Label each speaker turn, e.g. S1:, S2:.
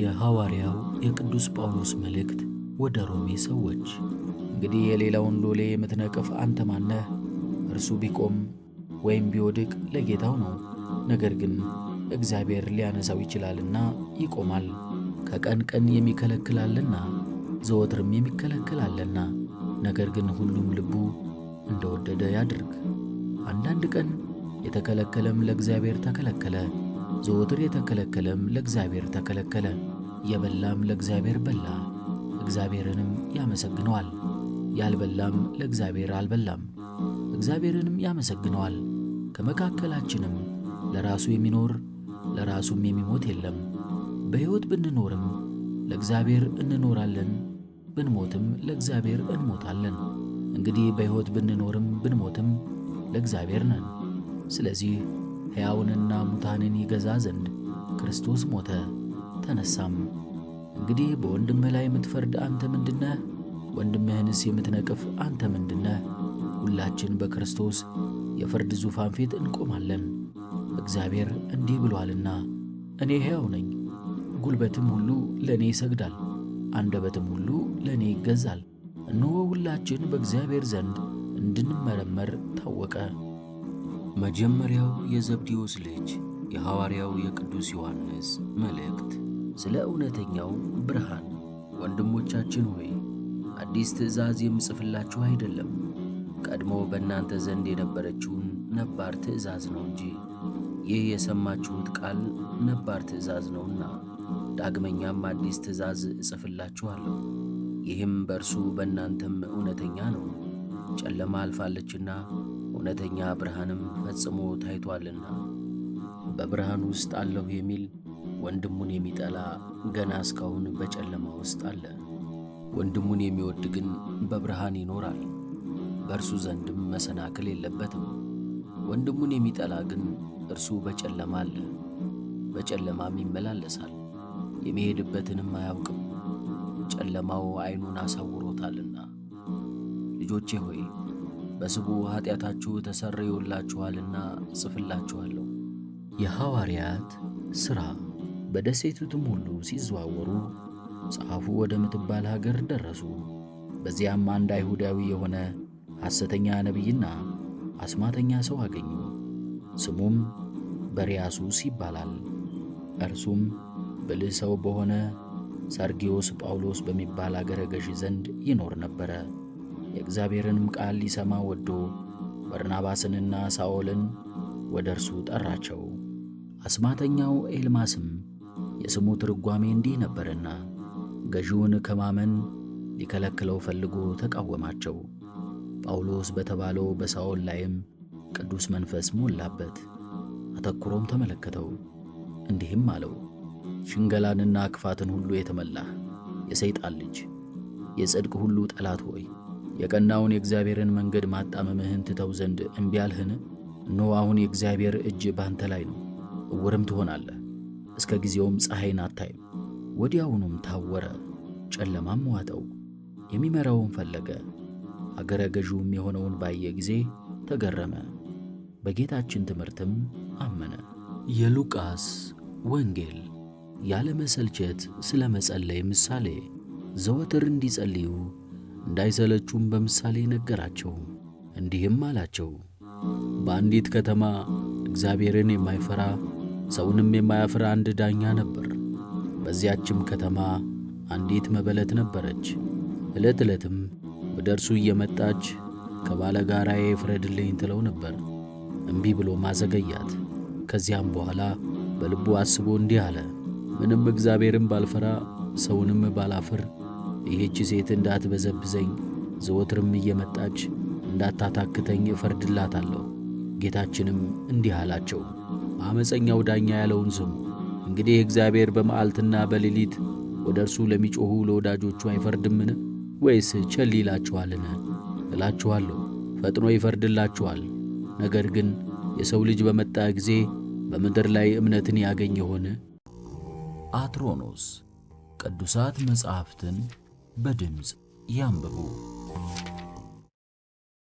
S1: የሐዋርያው የቅዱስ ጳውሎስ መልእክት ወደ ሮሜ ሰዎች። እንግዲህ የሌላውን ሎሌ የምትነቅፍ አንተ ማነህ? እርሱ ቢቆም ወይም ቢወድቅ ለጌታው ነው። ነገር ግን እግዚአብሔር ሊያነሳው ይችላልና ይቆማል። ከቀን ቀን የሚከለክላለና ዘወትርም የሚከለክላልና፣ ነገር ግን ሁሉም ልቡ እንደወደደ ያድርግ። አንዳንድ ቀን የተከለከለም ለእግዚአብሔር ተከለከለ ዘወትር የተከለከለም ለእግዚአብሔር ተከለከለ፣ የበላም ለእግዚአብሔር በላ፣ እግዚአብሔርንም ያመሰግነዋል። ያልበላም ለእግዚአብሔር አልበላም፣ እግዚአብሔርንም ያመሰግነዋል። ከመካከላችንም ለራሱ የሚኖር ለራሱም የሚሞት የለም። በሕይወት ብንኖርም ለእግዚአብሔር እንኖራለን፣ ብንሞትም ለእግዚአብሔር እንሞታለን። እንግዲህ በሕይወት ብንኖርም ብንሞትም ለእግዚአብሔር ነን። ስለዚህ ሕያውንና ሙታንን ይገዛ ዘንድ ክርስቶስ ሞተ ተነሳም። እንግዲህ በወንድምህ ላይ የምትፈርድ አንተ ምንድነህ? ወንድምህንስ የምትነቅፍ አንተ ምንድነህ? ሁላችን በክርስቶስ የፍርድ ዙፋን ፊት እንቆማለን። እግዚአብሔር እንዲህ ብሏልና እኔ ሕያው ነኝ፣ ጉልበትም ሁሉ ለእኔ ይሰግዳል፣ አንደበትም ሁሉ ለእኔ ይገዛል። እነሆ ሁላችን በእግዚአብሔር ዘንድ እንድንመረመር ታወቀ።
S2: መጀመሪያው የዘብዴዎስ ልጅ የሐዋርያው የቅዱስ ዮሐንስ መልእክት ስለ እውነተኛው ብርሃን። ወንድሞቻችን ሆይ አዲስ ትእዛዝ የምጽፍላችሁ አይደለም፣ ቀድሞ በእናንተ ዘንድ የነበረችውን ነባር ትእዛዝ ነው እንጂ ይህ የሰማችሁት ቃል ነባር ትእዛዝ ነውና። ዳግመኛም አዲስ ትእዛዝ እጽፍላችኋለሁ፣ ይህም በእርሱ በእናንተም እውነተኛ ነው። ጨለማ አልፋለችና እውነተኛ ብርሃንም ፈጽሞ ታይቷልና በብርሃን ውስጥ አለሁ የሚል ወንድሙን የሚጠላ ገና እስካሁን በጨለማ ውስጥ አለ። ወንድሙን የሚወድ ግን በብርሃን ይኖራል፣ በእርሱ ዘንድም መሰናክል የለበትም። ወንድሙን የሚጠላ ግን እርሱ በጨለማ አለ፣ በጨለማም ይመላለሳል፣ የሚሄድበትንም አያውቅም፤ ጨለማው ዓይኑን አሳውሮታልና። ልጆቼ ሆይ በስቡ ኃጢአታችሁ ተሰረዩላችኋልና ጽፍላችኋለሁ።
S1: የሐዋርያት ሥራ በደሴቱትም ሁሉ ሲዘዋወሩ ጸሐፉ ወደ ምትባል ሀገር ደረሱ። በዚያም አንድ አይሁዳዊ የሆነ ሐሰተኛ ነቢይና አስማተኛ ሰው አገኙ። ስሙም በርያሱስ ይባላል። እርሱም ብልህ ሰው በሆነ ሰርጊዮስ ጳውሎስ በሚባል አገረ ገዢ ዘንድ ይኖር ነበረ። የእግዚአብሔርንም ቃል ሊሰማ ወዶ በርናባስንና ሳኦልን ወደ እርሱ ጠራቸው። አስማተኛው ኤልማስም የስሙ ትርጓሜ እንዲህ ነበርና ገዢውን ከማመን ሊከለክለው ፈልጎ ተቃወማቸው። ጳውሎስ በተባለው በሳኦል ላይም ቅዱስ መንፈስ ሞላበት፣ አተኩሮም ተመለከተው፣ እንዲህም አለው ሽንገላንና ክፋትን ሁሉ የተመላህ የሰይጣን ልጅ የጽድቅ ሁሉ ጠላት ሆይ የቀናውን የእግዚአብሔርን መንገድ ማጣመምህን ትተው ዘንድ እምቢ አልህን? እነሆ አሁን የእግዚአብሔር እጅ ባንተ ላይ ነው፣ እውርም ትሆናለህ፣ እስከ ጊዜውም ፀሐይን አታይም። ወዲያውኑም ታወረ፣ ጨለማም ዋጠው፣ የሚመራውን ፈለገ። አገረ ገዥውም የሆነውን ባየ ጊዜ ተገረመ፣ በጌታችን ትምህርትም አመነ።
S2: የሉቃስ ወንጌል ያለ መሰልቸት ስለ መጸለይ ምሳሌ ዘወትር እንዲጸልዩ እንዳይሰለቹም በምሳሌ ነገራቸው፣ እንዲህም አላቸው። በአንዲት ከተማ እግዚአብሔርን የማይፈራ ሰውንም የማያፍራ አንድ ዳኛ ነበር። በዚያችም ከተማ አንዲት መበለት ነበረች። ዕለት ዕለትም ወደ እርሱ እየመጣች ከባለ ጋራዬ ፍረድልኝ ትለው ነበር። እምቢ ብሎ ማዘገያት። ከዚያም በኋላ በልቡ አስቦ እንዲህ አለ፣ ምንም እግዚአብሔርን ባልፈራ ሰውንም ባላፍር ይህች ሴት እንዳትበዘብዘኝ ዘወትርም እየመጣች እንዳታታክተኝ እፈርድላታለሁ። ጌታችንም እንዲህ አላቸው፣ አመፀኛው ዳኛ ያለውን ስሙ። እንግዲህ እግዚአብሔር በመዓልትና በሌሊት ወደ እርሱ ለሚጮኹ ለወዳጆቹ አይፈርድምን? ወይስ ቸል ይላችኋልን? እላችኋለሁ ፈጥኖ ይፈርድላችኋል። ነገር ግን የሰው ልጅ በመጣ ጊዜ በምድር ላይ እምነትን ያገኝ የሆነ አትሮኖስ ቅዱሳት መጻሕፍትን በድምፅ ያንብቡ።